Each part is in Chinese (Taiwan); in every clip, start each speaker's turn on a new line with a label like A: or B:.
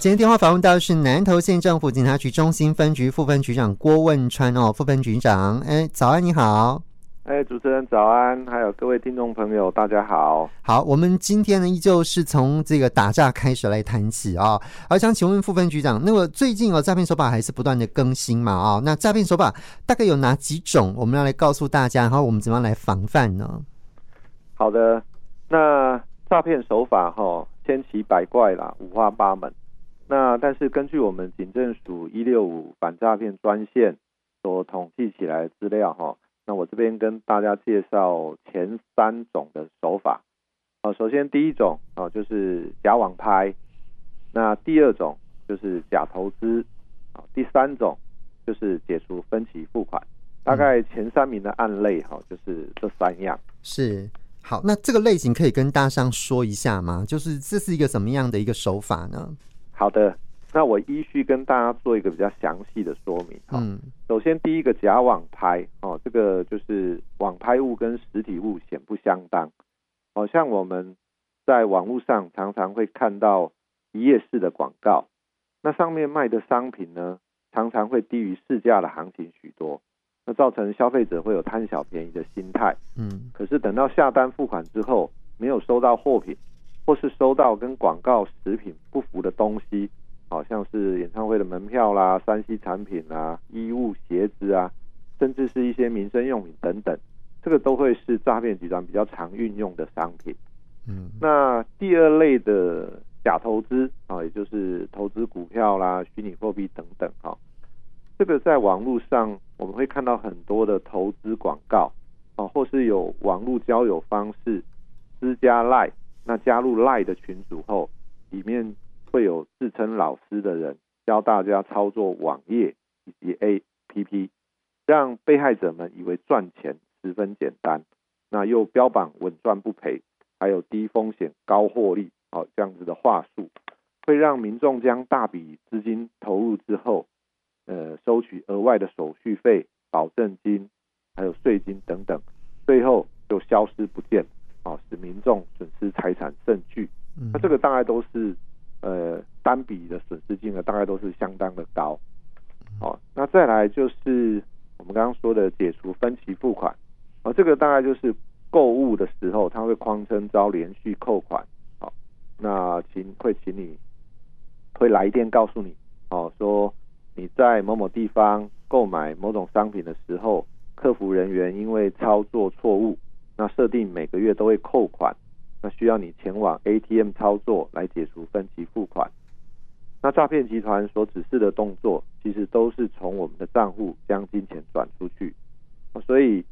A: 今天電話訪問到的是南投縣政府警察局中興分局副分局長郭汶川哦，副分局長，哎，早安，你好，
B: 哎，主持人早安，還有各位聽眾朋友，大家
A: 好，好，我們今天呢，依舊是從這個打詐開始來談起啊、哦，好，想請問副分局長，那個最近哦，詐騙手法還是不斷的更新嘛，啊，那詐騙手法大概有哪幾種？我們要來告訴大家，然後我們怎麼樣來防範呢？
B: 好的，那詐騙手法哈、哦，千奇百怪啦，五花八門。那但是根據我們警政署、一六五反詐騙專線所統計起來資料哈，那我這邊跟大家介紹前三種的手法，啊，首先第一種啊就是假網拍，那第二種就是假投資，啊，第三種就是解除分期付款，大概前三名的案例，哈就是這三樣，嗯。
A: 是，好，那這個類型可以跟大家說一下嗎？就是這是一個什麼樣的一個手法呢？
B: 好的，那我依序跟大家做一個比較詳細的說明。嗯。首先，第一個假網拍哦，這個就是網拍物跟實體物顯不相當。好、哦、像我們在網絡上常，常常會看到一頁式的廣告，那上面賣的商品呢，常常會低於市價的行情許多，那造成消費者會有貪小便宜的心態。嗯，可是等到下單付款之後，沒有收到貨品。或是收到跟廣告食品不符的東西，好、啊、像是演唱會的門票啦、3C 產品啦、啊、衣物鞋子啊，甚至是一些民生用品等等，這個都會是詐騙集團比較常運用的商品。嗯，那第二類的假投資啊，也就是投資股票啦、虛擬貨幣等等哈、啊，這個在網絡上我們會看到很多的投資廣告、啊、或是有網絡交友方式、私加 LINE。那加入賴的群組後，裡面會有自稱老師的人教大家操作網頁以及 APP，讓被害者們以為賺錢十分簡單，那又標榜穩賺不賠，還有低風險高獲利，好、哦、這樣子的話術，會讓民眾將大筆資金投入之後，呃，收取額外的手續費、保證金、還有稅金等等，最後就消失不見，哦，使民眾。財產證據，那這個大概都是呃單筆的損失金額大概都是相當的高，好、哦，那再來就是我們剛剛說的解除分期付款，啊、哦，這個大概就是購物的時候，他會框稱遭連續扣款，好、哦，那請會請你會來電告訴你，哦，說你在某某地方購買某種商品的時候，客服人員因為操作錯誤，那設定每個月都會扣款。需要你前往 ATM 操作來解除分期付款。那詐騙集團所指示的動作，其實都是從我們的賬戶將金錢轉出去。所以，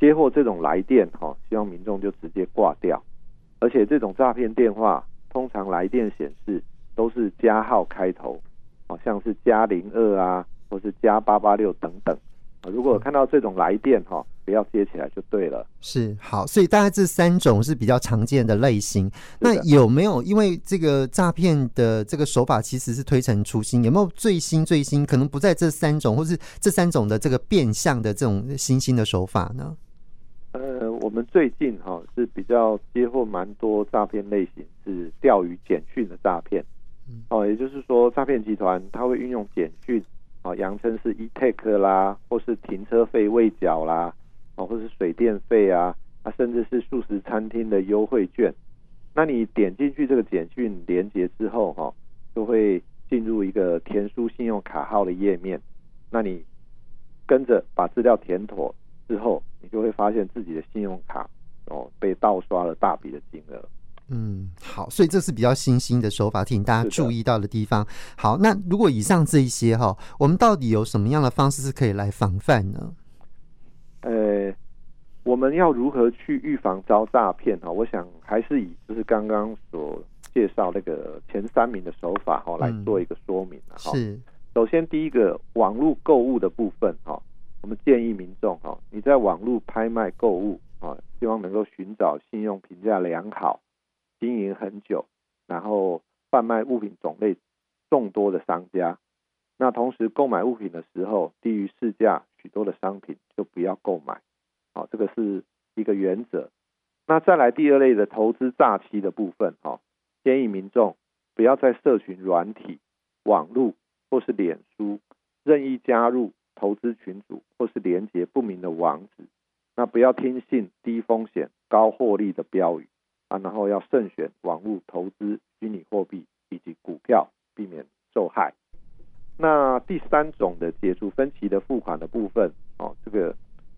B: 接獲這種來電哦，希望民眾就直接掛掉。而且這種詐騙電話，通常來電顯示都是加號開頭，像是加零二啊，或是加八八六等等。如果看到這種來電哈、哦，不要接起來就對了。
A: 是好，所以大家這三種是比較常見的類型。的那有沒有，因為這個詐騙的這個手法其實是推陳出新？有沒有最新最新？可能不在這三種，或是這三種的這個變相的這種新興的手法呢？呃，
B: 我們最近哈、哦、是比較接獲蠻多詐騙類型是釣魚簡訊的詐騙。哦，也就是說，詐騙集團它會運用簡訊。啊，佯稱是 eTag 啦，或是停車費未繳啦，啊，或是水電費啊，啊，甚至是速食餐廳的優惠券。那你點進去這個簡訊連接之後，哈，就會進入一個填輸信用卡號的頁面。那你跟着把資料填妥之後，你就會發現自己的信用卡哦被盜刷了大筆的金額。
A: 嗯，好，所以這是比較新興的手法，提醒大家注意到的地方。的好，那如果以上這一些哈，我們到底有什麼樣的方式是可以來防範呢？呃，
B: 我們要如何去預防遭詐騙哈？我想還是以就是剛剛所介紹那個前三名的手法哈來做一個說明哈。嗯，是，首先第一個網絡購物的部分哈，我們建議民眾哈，你在網絡拍賣購物啊，希望能夠尋找信用評價良好。經營很久，然後販賣物品種類眾多的商家，那同時購買物品的時候，低於市價許多的商品就不要購買。好，哦，這個是一個原則。那再來第二類的投資詐欺的部分，哈，哦，建議民眾不要在社群軟體、網路或是臉書任意加入投資群組或是連結不明的網址。那不要聽信低風險高獲利的標語。啊，然後要慎選網絡投資、虛擬貨幣以及股票，避免受害。那第三種的解除分期的付款的部分，哦，這個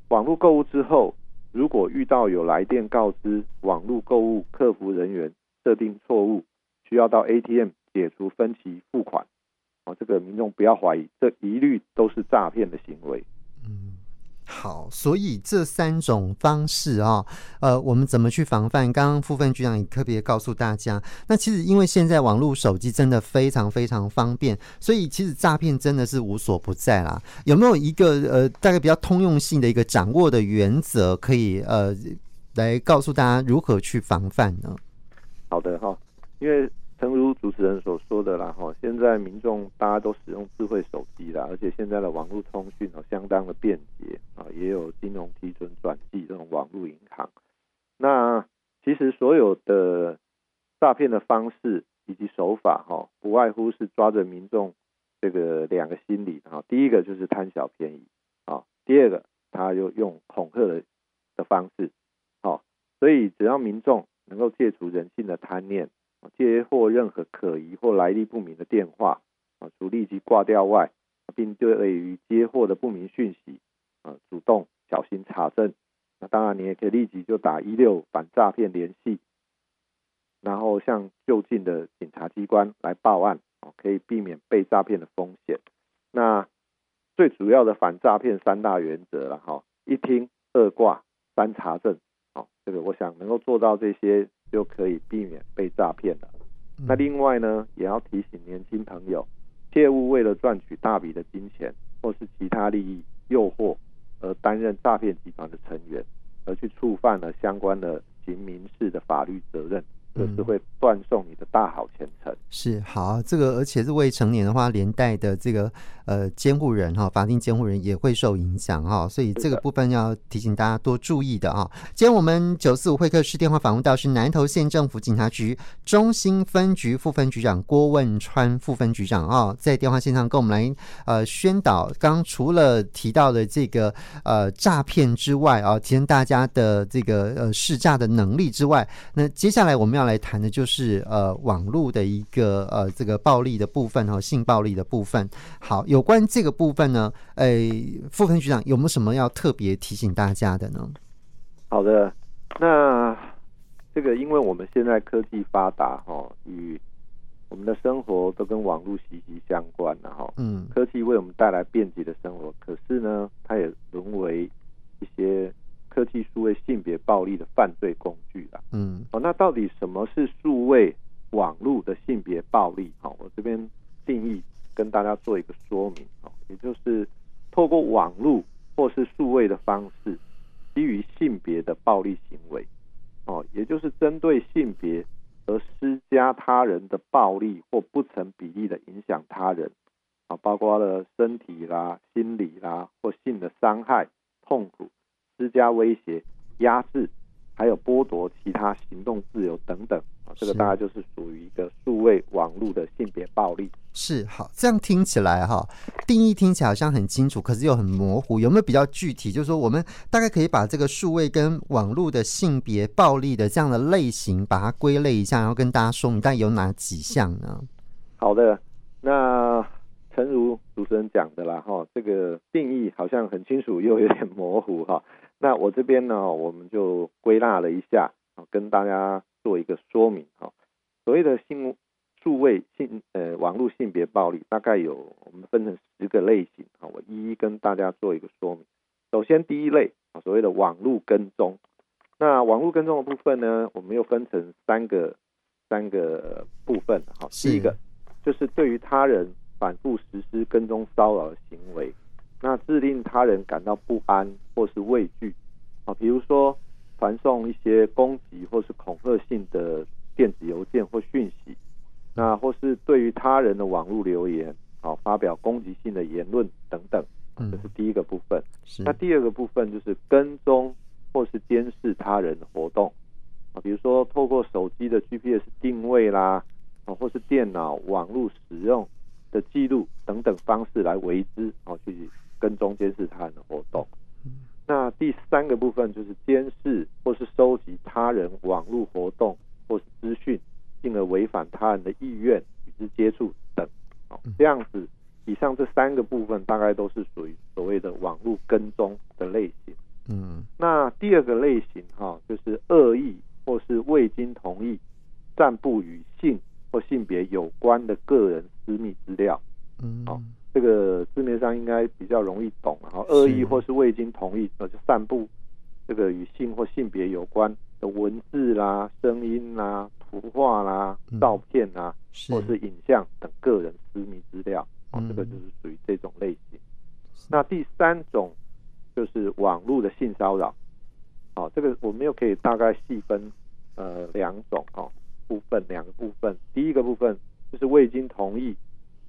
B: 網絡購物之後，如果遇到有來電告知網絡購物客服人員設定錯誤，需要到 ATM 解除分期付款，哦，這個民眾不要懷疑，這一律都是詐騙的行為，嗯。
A: 好，所以這三種方式啊、哦，呃，我們怎麼去防範？剛剛副分局長也特別告訴大家，那其實因為現在網絡手機真的非常非常方便，所以其實詐騙真的是無所不在啦。有沒有一個呃，大概比較通用性的一個掌握的原則，可以呃來告訴大家如何去防範呢？
B: 好的哈，因為。誠如主持人所說的啦，哈，現在民眾大家都使用智慧手機啦，而且現在的網絡通訊哦，相當的便捷啊，也有金融提存轉寄這種網絡銀行。那其實所有的詐騙的方式以及手法哈，不外乎是抓着民眾這個兩個心理，然後第一個就是貪小便宜啊，第二個他又用恐嚇的的方式，好，所以只要民眾能夠戒除人性的貪念。接獲任何可疑或來歷不明的電話，啊，除立即掛掉外，並對於接獲的不明訊息，啊，主動小心查證。那當然，你也可以立即就打一六反詐騙聯繫，然後向就近的警察機關來報案，啊，可以避免被詐騙的風險。那最主要的反詐騙三大原則了哈：一聽、二掛、三查證。哦，啊，這個我想能夠做到這些就可以避免被詐騙了。嗯、那另外呢，也要提醒年輕朋友，切勿為了賺取大筆的金錢或是其他利益誘惑，而擔任詐騙集團的成員，而去觸犯了相關的刑民事的法律責任，這是會斷送你的大好前程。嗯
A: 是，好，這個而且是未成年的話，連帶的這個呃監護人哈、哦，法定監護人也會受影響哈、哦，所以這個部分要提醒大家多注意的啊、哦。今天我們九四五會客室電話訪問到是南投縣政府警察局中興分局副分局長郭汶川副分局長啊、哦，在電話線上跟我們來呃宣導，剛除了提到的這個呃詐騙之外啊，提升大家的這個呃識詐的能力之外，那接下來我們要來談的就是呃網絡的一。一個呃，這個暴力的部分和性暴力的部分，好，有關這個部分呢，哎，副分局長有沒有什麼要特別提醒大家的呢？好
B: 的，那這個因為我們現在科技發達哈、哦，與我們的生活都跟網絡息息相關了哈，哦、嗯，科技為我們帶來便捷的生活，可是呢，它也淪為一些科技數位性別暴力的犯罪工具啦。啊、嗯，哦，那到底什麼是數位？的性別暴力，好，我這邊定義跟大家做一個說明，哦，也就是透過網絡或是數位的方式，基於性別的暴力行為，哦，也就是針對性別而施加他人的暴力或不成比例的影響他人，啊，包括了身體啦、心理啦或性的傷害、痛苦、施加威脅、壓制，還有剝奪其他行動自由等等。這個大概就是屬於一個數位網絡的性別暴力。
A: 是，好，這樣聽起來哈，定義聽起來好像很清楚，可是又很模糊。有沒有比較具體？就是說，我們大概可以把這個數位跟網絡的性別暴力的這樣的類型，把它歸類一下，然後跟大家說明，大概有哪幾項呢？
B: 好的，那誠如主持人講的啦，哈，這個定義好像很清楚，又有點模糊哈。那我這邊呢，我們就歸納了一下，跟大家。做一個說明哈，所謂的數、呃、性數位性呃網絡性別暴力，大概有我們分成十個類型啊，我一一跟大家做一個說明。首先第一類所謂的網絡跟蹤，那網絡跟蹤的部分呢，我們又分成三個三個部分哈。第一個是就是對於他人反覆實施跟蹤騷擾的行為，那致令他人感到不安或是畏懼啊，比如說。傳送一些攻擊或是恐嚇性的電子郵件或訊息，那或是對於他人的網絡留言，好、啊、發表攻擊性的言論等等、啊，這是第一個部分。嗯、那第二個部分就是跟蹤或是監視他人的活動，啊，比如說透過手機的 GPS 定位啦，啊或是電腦網絡使用的記錄等等方式來為之，啊去跟蹤監視他人的活動。嗯。那第三個部分就是監視或是收集他人網絡活動或是資訊，進而違反他人的意願與之接觸等，這樣子，以上這三個部分大概都是屬於所謂的網絡跟蹤的類型。嗯，那第二個類型哈，就是惡意或是未經同意散布與性或性別有關的個人私密資料。嗯，好。這個字面上應該比較容易懂，啊惡意或是未經同意，那是、呃、就散布這個與性或性別有關的文字啦、聲音啦、圖畫啦、嗯、照片啊，是或是影像等個人私密資料、嗯啊，這個就是屬於這種類型。是那第三種就是網絡的性騷擾，好、啊，這個我們又可以大概細分呃兩種啊部分，兩個部分，第一個部分就是未經同意。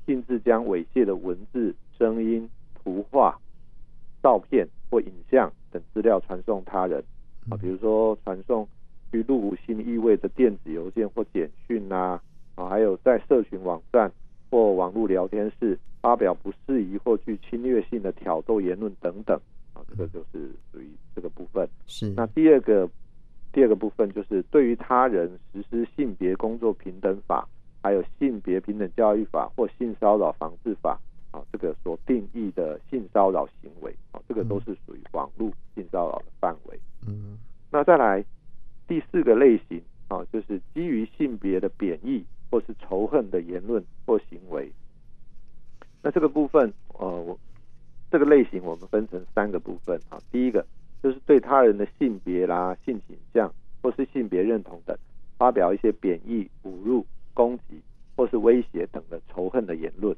B: 甚至將猥褻的文字、聲音、圖畫、照片或影像等資料傳送他人啊，比如說傳送具露骨性意味的電子郵件或簡訊啊啊，啊，還有在社群網站或網絡聊天室發表不適宜或具侵略性的挑逗言論等等啊，這個就是屬於這個部分。是，那第二個，第二個部分就是對於他人實施性別工作平等法，還有性別平等教育法或性騷擾防治法啊，這個所定義的性騷擾行為啊，這個都是屬於網絡性騷擾的範圍。嗯，那再來第四個類型啊，就是基於性別的貶義或是仇恨的言論或行為。那這個部分呃，我這個類型我們分成三個部分啊，第一個就是對他人的性別啦、性傾向或是性別認同等發表一些貶義、侮辱、攻擊。或是威脅等的仇恨的言論。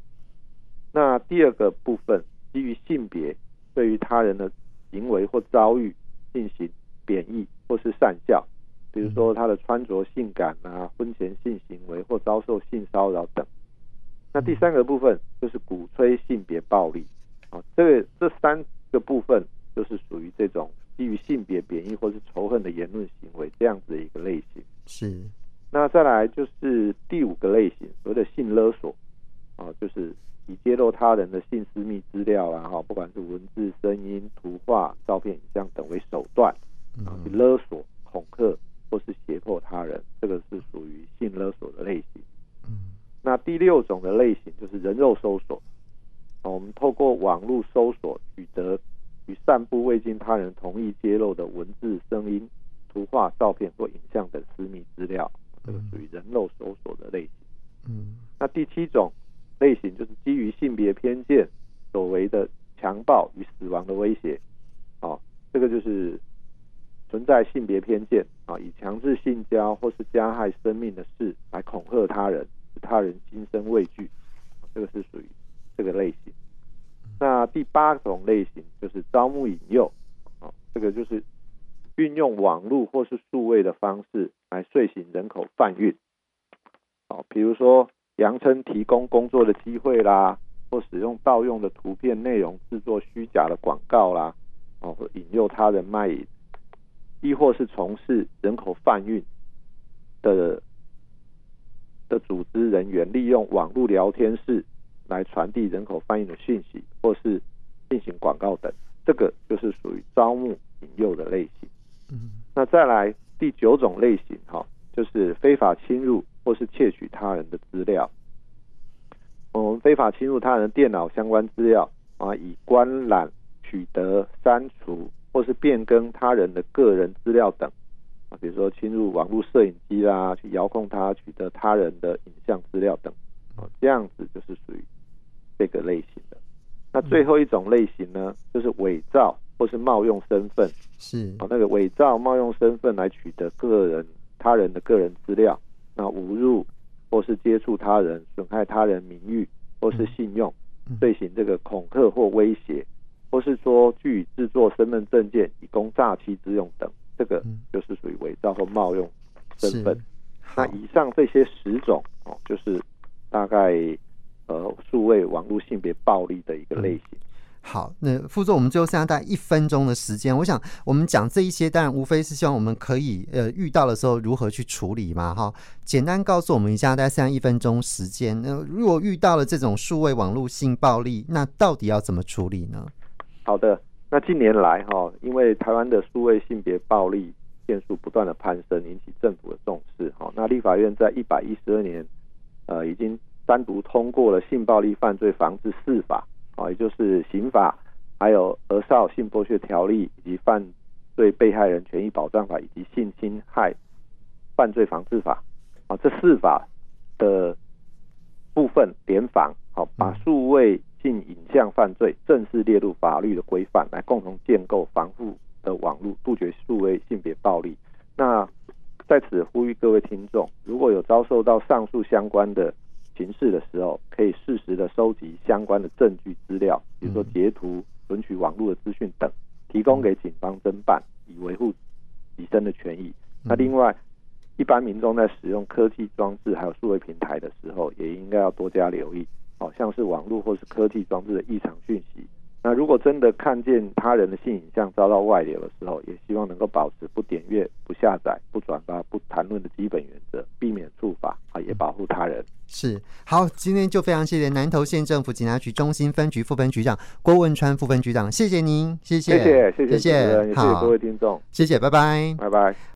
B: 那第二個部分，基於性別對於他人的行為或遭遇進行貶義或是訕笑，比如說他的穿着性感啊、婚前性行為或遭受性騷擾等。那第三個部分就是鼓吹性別暴力啊。這個這三個部分就是屬於這種基於性別貶義或是仇恨的言論行為這樣子的一個類型。是。那再來就是第五個類型。的性勒索啊，就是以揭露他人的性私密資料啊，哈、啊，不管是文字、聲音、圖畫、照片、影像等為手段，然、mm hmm. 去勒索、恐嚇或是脅迫他人，這個是屬於性勒索的類型。嗯、mm，hmm. 那第六種的類型就是人肉搜索、啊、我們透過網絡搜索取得與散布未經他人同意揭露的文字、聲音、圖畫、照片或影像等私密資料，mm hmm. 這個屬於人肉搜索的類型。嗯，那第七種類型就是基於性別偏見所為的強暴與死亡的威脅，啊、哦，這個就是存在性別偏見啊、哦，以強制性交或是加害生命的事來恐嚇他人，使他人心生畏懼、哦，這個是屬於這個類型。嗯、那第八種類型就是招募引誘，啊、哦，這個就是運用網絡或是數位的方式來遂行人口販運。哦，比如說，佯稱提供工作的機會啦，或使用盜用的圖片內容製作虛假的廣告啦，哦，或引誘他人賣淫，亦或是從事人口販運的的組織人員利用網絡聊天室來傳遞人口販運的信息，或是進行廣告等，這個就是屬於招募引誘的類型。嗯，那再來第九種類型，哈、哦，就是非法侵入。或是竊取他人的資料，我、嗯、們非法侵入他人的電腦相關資料啊，以觀覽、取得、刪除或是變更他人的個人資料等啊，比如說侵入網絡攝影機啦、啊，去遙控他取得他人的影像資料等啊，這樣子就是屬於這個類型的。那最後一種類型呢，就是偽造或是冒用身份，
A: 是啊，
B: 那個偽造冒用身份來取得個人他人的個人資料。那侮辱或是接觸他人、損害他人名譽或是信用，罪、嗯嗯、行這個恐嚇或威脅，或是說據以制作身份證件以供詐欺之用等，這個就是屬於偽造或冒用身份。嗯、那以上這些十種哦，就是大概呃數位網絡性別暴力的一個類型。嗯
A: 好，那副座，我們最後剩下大概一分鐘的時間，我想我們講這一些，當然無非是希望我們可以呃遇到的時候如何去處理嘛，哈，簡單告訴我們一下，大概剩下一分鐘時間，那、呃、如果遇到了這種數位網絡性暴力，那到底要怎麼處理呢？
B: 好的，那近年來哈，因為台灣的數位性別暴力件數不斷的攀升，引起政府的重視，哈，那立法院在一百一十二年，呃，已經三讀通過了《性暴力犯罪防治四法》。啊，也就是刑法、還有《兒少性剝削條例》以及《犯罪被害人權益保障法》以及《性侵害犯罪防治法》啊，這四法的部分聯防，好、啊，把數位性影像犯罪正式列入法律的規範，來共同建構防護的網絡，杜絕數位性別暴力。那在此呼籲各位聽眾，如果有遭受到上述相關的，行事的時候，可以適時的收集相關的證據資料，比如說截圖、存取網絡的資訊等，提供給警方偵辦，以維護自身的權益。那另外，一般民眾在使用科技裝置還有數位平台的時候，也應該要多加留意，好像是網絡或是科技裝置的異常訊息。那如果真的看見他人的性影像遭到外流的時候，也希望能夠保持不點閱、不下載、不轉發、不談論的基本原則，避免觸法啊，也保護他人。
A: 是好，今天就非常謝謝南投縣政府警察局中興分局副分局長郭汶川副分局長，謝謝您，謝謝，謝謝，謝謝，謝謝各位聽眾，謝謝，拜拜，
B: 拜拜。